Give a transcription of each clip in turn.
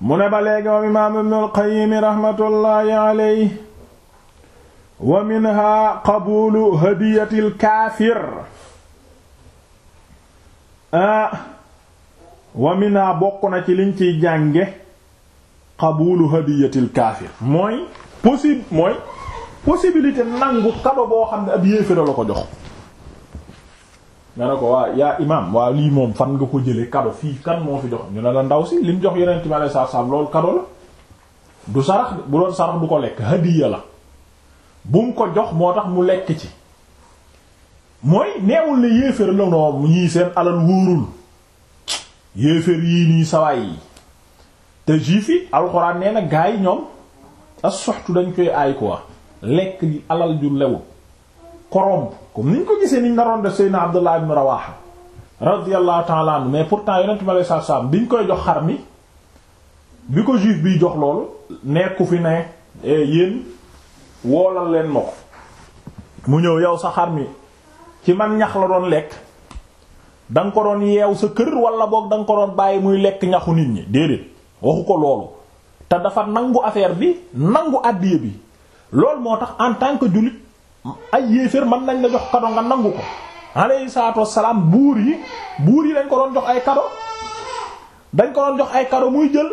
mu ne ba léegi moom imaam ibn al-Qayyim raxmatullaahi alayhi wa minha qabuulu hadiyatil kaafir ah, wa minha bokk na ci liñ ciy jànge qabuulu hadiyatil kaafir mooy possible nangu kado boo xam ne ab yéeféra la ko jox nga ne ko waa yaa imam waa lii moom fan nga ko jëlee kado fii kan moo fi jox ñu ne la ndaw si li mu jox yeneen ci malay saaf saaf loolu kado la du sarax bu doon sarax du ko lekk hadiya la bu mu ko jox moo tax mu lekk ci mooy neewul ne yéeféer la noom ñii seen alal wóorul yéeféer yii nii sawaay yi te juif yi alxuraan nee na gaa yi ñoom a soxtu dañ koy aay quoi lekk alal ju lewul corrompre comme niñ ko gisee niñ naroon def Seydina Abdullah ibn Rawaha radiyallahu ta'ala anhu mais pourtant yonent bi alayhi salaatu bi ñu koy jox xar mi bi ko juif biy jox lool nekku fi ne eh, yéen woolal leen ma ko mu ñëw yow sa xar mi ci man ñax la doon lekk da ko doon yeew sa kër wala boog da nga ko doon bàyyi muy lekk ñaxu nit ñi déedéet waxu ko loolu te dafa nangu affaire bi nangu àddiya bi loolu moo tax en tant que jullit ay yéeféer mën nañ la jox kado nga nangu ko alayhi salaatu wassalaam buur yi buur yi dañ ko doon jox ay kado dañ ko doon jox ay kado muy jël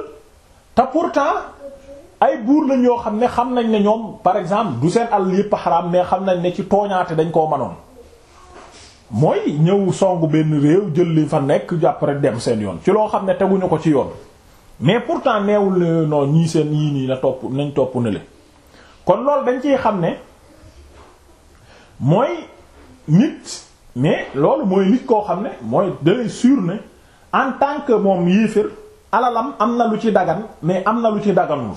te pourtant ay buur lañ yoo xam ne xam nañ ne ñoom par exemple du seen àll yépp xaraam mais xam nañ ne ci tooñaate dañ koo manoon mooy ñëw songu benn réew jël li fa nekk après dem seen yoon ci loo xam ne teguñu ko ci yoon mais pourtant neewul non ñii seen yii nii la topp nañ topp ne kon loolu dañ ciy xam ne mooy nit mais loolu mooy nit koo xam ne mooy de sûr ne en tant que moom yéefér alalam am na lu ci dagan mais am na lu ci daganul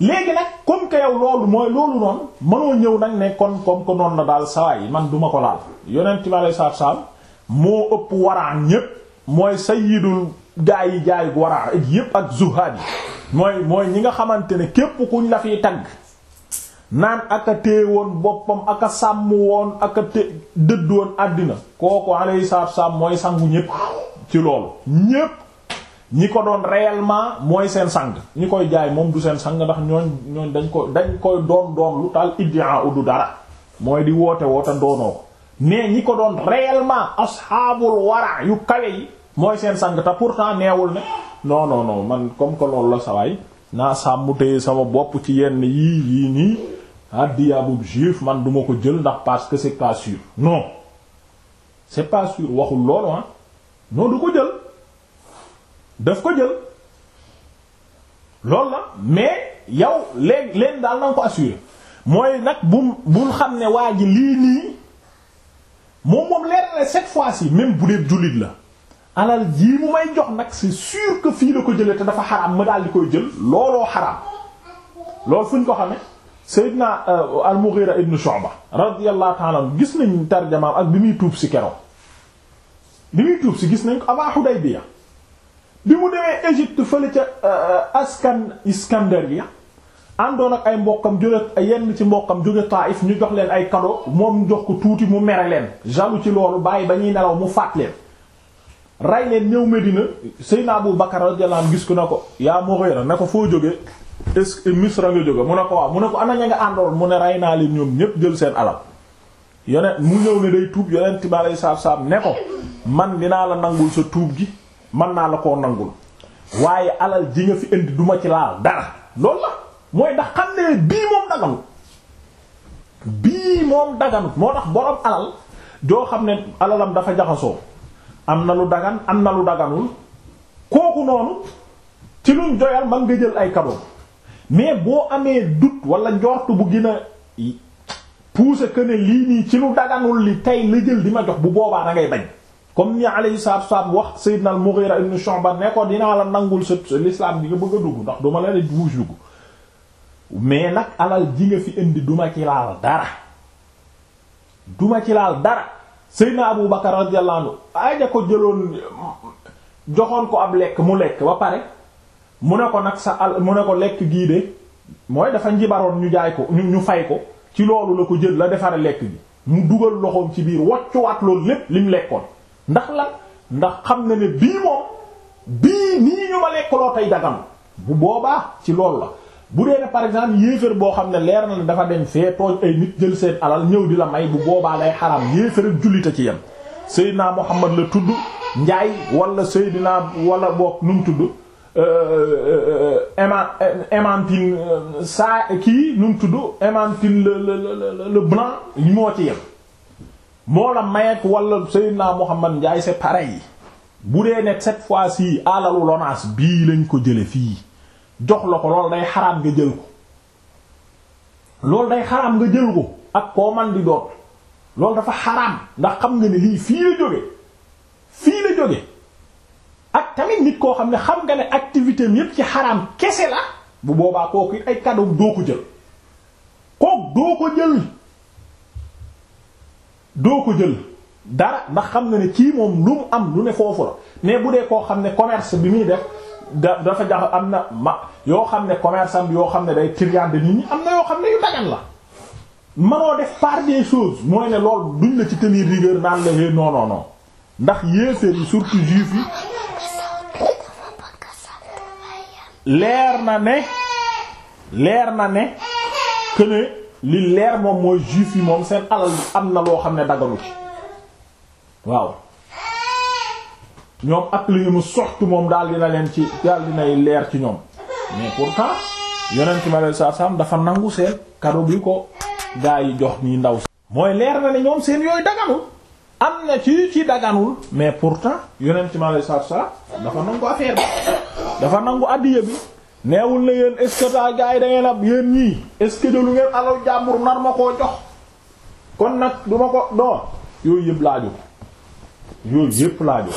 léegi nag comme que yow loolu mooy loolu noonu mënoo ñëw nag ne kon comme que noonu la daal saa yi man duma ko laal yonent bi alei satu salaam moo ëpp waraan ñépp mooy sayyidul gaa yi jaay waraan ak yépp ak zuhaad yi mooy mooy ñi nga xamante ne képp kuñ la fiy tagg naan aka téye woon boppam aka sàmm woon aka té dëdd àddina kooku alayhi salaatu salaam mooy sangu ñépp ci loolu ñépp ñi ko doon réellement mooy seen sang ñi koy jaay moom du seen sang ndax ñooñ ñooñ dañ ko dañ koy doom doon lu tal iddia udu dara mooy di woote woote ndoonoo ko mais ñi ko doon réellement asxaabul wara yu kawe yi mooy seen sang te pourtant neewul ne non non non man comme que loolu la sawaay naa sàmm téye sama bopp ci yenn yii yii nii addiya ah, bu juif man duma ko jël ndax parce que c'est pas sûr non c'est pas waxul loolu ah non du ko jël daf ko jël loolu la mais yow léeg leen daal na nga ko assuré mooy nag bu bul xam ne waa ji lii nii moom moom leer na fois yi même bu dee jullit la alal jii mu may jox nag c'est sûr que fii la ko jëlee te dafa xaraam ma daal di koy jël looloo xaraam loolu fu ñu ko xamee Seydina euh, al-Mughira ibn Shu'ba radiyallahu ta'ala gis nañ tarjamaam ak bi muy tuub si keroog bi muy tuub si gis nañ ko avant Hudaybiya bi mu demee Égypte fële ca euh, askan Iskandariya àndoon ak ay mbokkam jóge yenn ci mbokkam jóge Taif ñu jox leen ay cadeau moom jox ko tuuti mu mere leen jalu ci loolu bàyyi ba ñuy nelaw mu faat leen rey leen ñëw Medina Seydina Abu Bakar radiyallahu anhu gis ko na ko yaa Mughira na ko foo jóge est-ce que Misra nga jóge mu ne ko waaw mu ne ko ana ña nga àndoon mu ne rey naa leen ñoom ñépp jël seen alal yonent mu ñëw ne day tuub yonent bi aleyhi salaatu salaam ne ko man dinaa la nangul sa tuub gi man naa la ko nangul waaye alal ji nga fi indi duma ci laal dara lool la mooy ndax xam ne bii moom daganut bii moom daganut moo tax borom alal joo xam ne alalam dafa jaxasoo am na lu dagan am na lu daganul kooku noonu ci luñ joyal man nga jël ay cadeau mais boo amee doute wala njort bu gina a pousser que ne lii nii ci lu daganul li tey li jël di ma jox bu boobaa da ngay bañ comme ni alayhi salaatu salaam wax na al-Mughira ibn Shu'ba ne ko dinaa la nangul sa l'islam bi nga bëgg a dugg ndax duma la ne buus dugg mais nag alal ji nga fi indi duma ci laal dara duma ci laal dara Sayyidna Abu Bakar radiyallahu anhu aja ko jëloon joxoon ko ab lekk mu lekk ba pare mu ne ko nag sa al mu ne ko lekk gii de mooy dafa njibaroon ñu jaay ko ñu fay ko ci loolu la ko jël la defare lekk gi mu dugal loxoom ci biir waccuwaat loolu lépp li mu lekkoon ndax la ndax xam na ne bii moom bii nii ñu ma lekkaloo tey dagam bu boobaa ci loolu la bu dee ne par exemple yéefér boo xam ne leer na ne dafa dem fee tooj ay nit jël seen alal ñëw di la may bu boobaa lay xaraam yéefér ak jullite ci yem Seydina Muhammad la tudd njaay wala Seydina wala boog nu mu tudd aima euh, euh, émantine euh, saa kii nu mu tudd émantine le le le blanc ñu moo ci yem moo la mayek wala Seydina Mohamed Ndiaye c'est pareil bu dee ne cette fois-ci alalu lonaas bii lañ ko jële fii jox la ko lool day xaraam nga jël ko loolu day xaraam nga jël ko ak koo man di doon loolu dafa xaraam ndax xam nga ne lii fii la jóge fii la jóge ak tamit nit koo xam ne xam nga ne activité am yépp ci xaraam kese la bu boobaa kooku ay kàddoom doo ko jël kook doo ko jël doo ko jël dara ndax xam nga ne kii moom lu mu am lu ne foofu la mais bu dee koo xam ne commerce bi muy def da dafa jax am na ma yoo xam ne commerce am yoo xam ne day triande nit am na yoo xam ne yu dagan la manoo def part des choses mooy ne lool duñ la ci tenir rigueur naan la eh, non non ndax yéeféer yi surtout juif yi leer na ne leer na ne que li leer moom mooy juif yi moom seen alal am na loo xam ne daganu ci waaw ñoom ak li mu soxtu moom daal dina leen ci daal dinay leer ci ñoom mais pourtant yonent mi alayhi salaatu salaam dafa nangu seen cadeau bi ko gaa yi jox nii ndaw si. mooy leer na ne ñoom seen yooyu daganul am na ci ci daganul mais pourtant yonent mi alayhi salaatu dafa nangu affaire bi. dafa nangu addiya bi neewul na yéen est-ce que taa gaa yi da ngeen ab yéen ñii est ngeen alal jàmbur nar ma koo jox kon nag du ma ko doon yooyu yëpp laaju ko yooyu yëpp laaju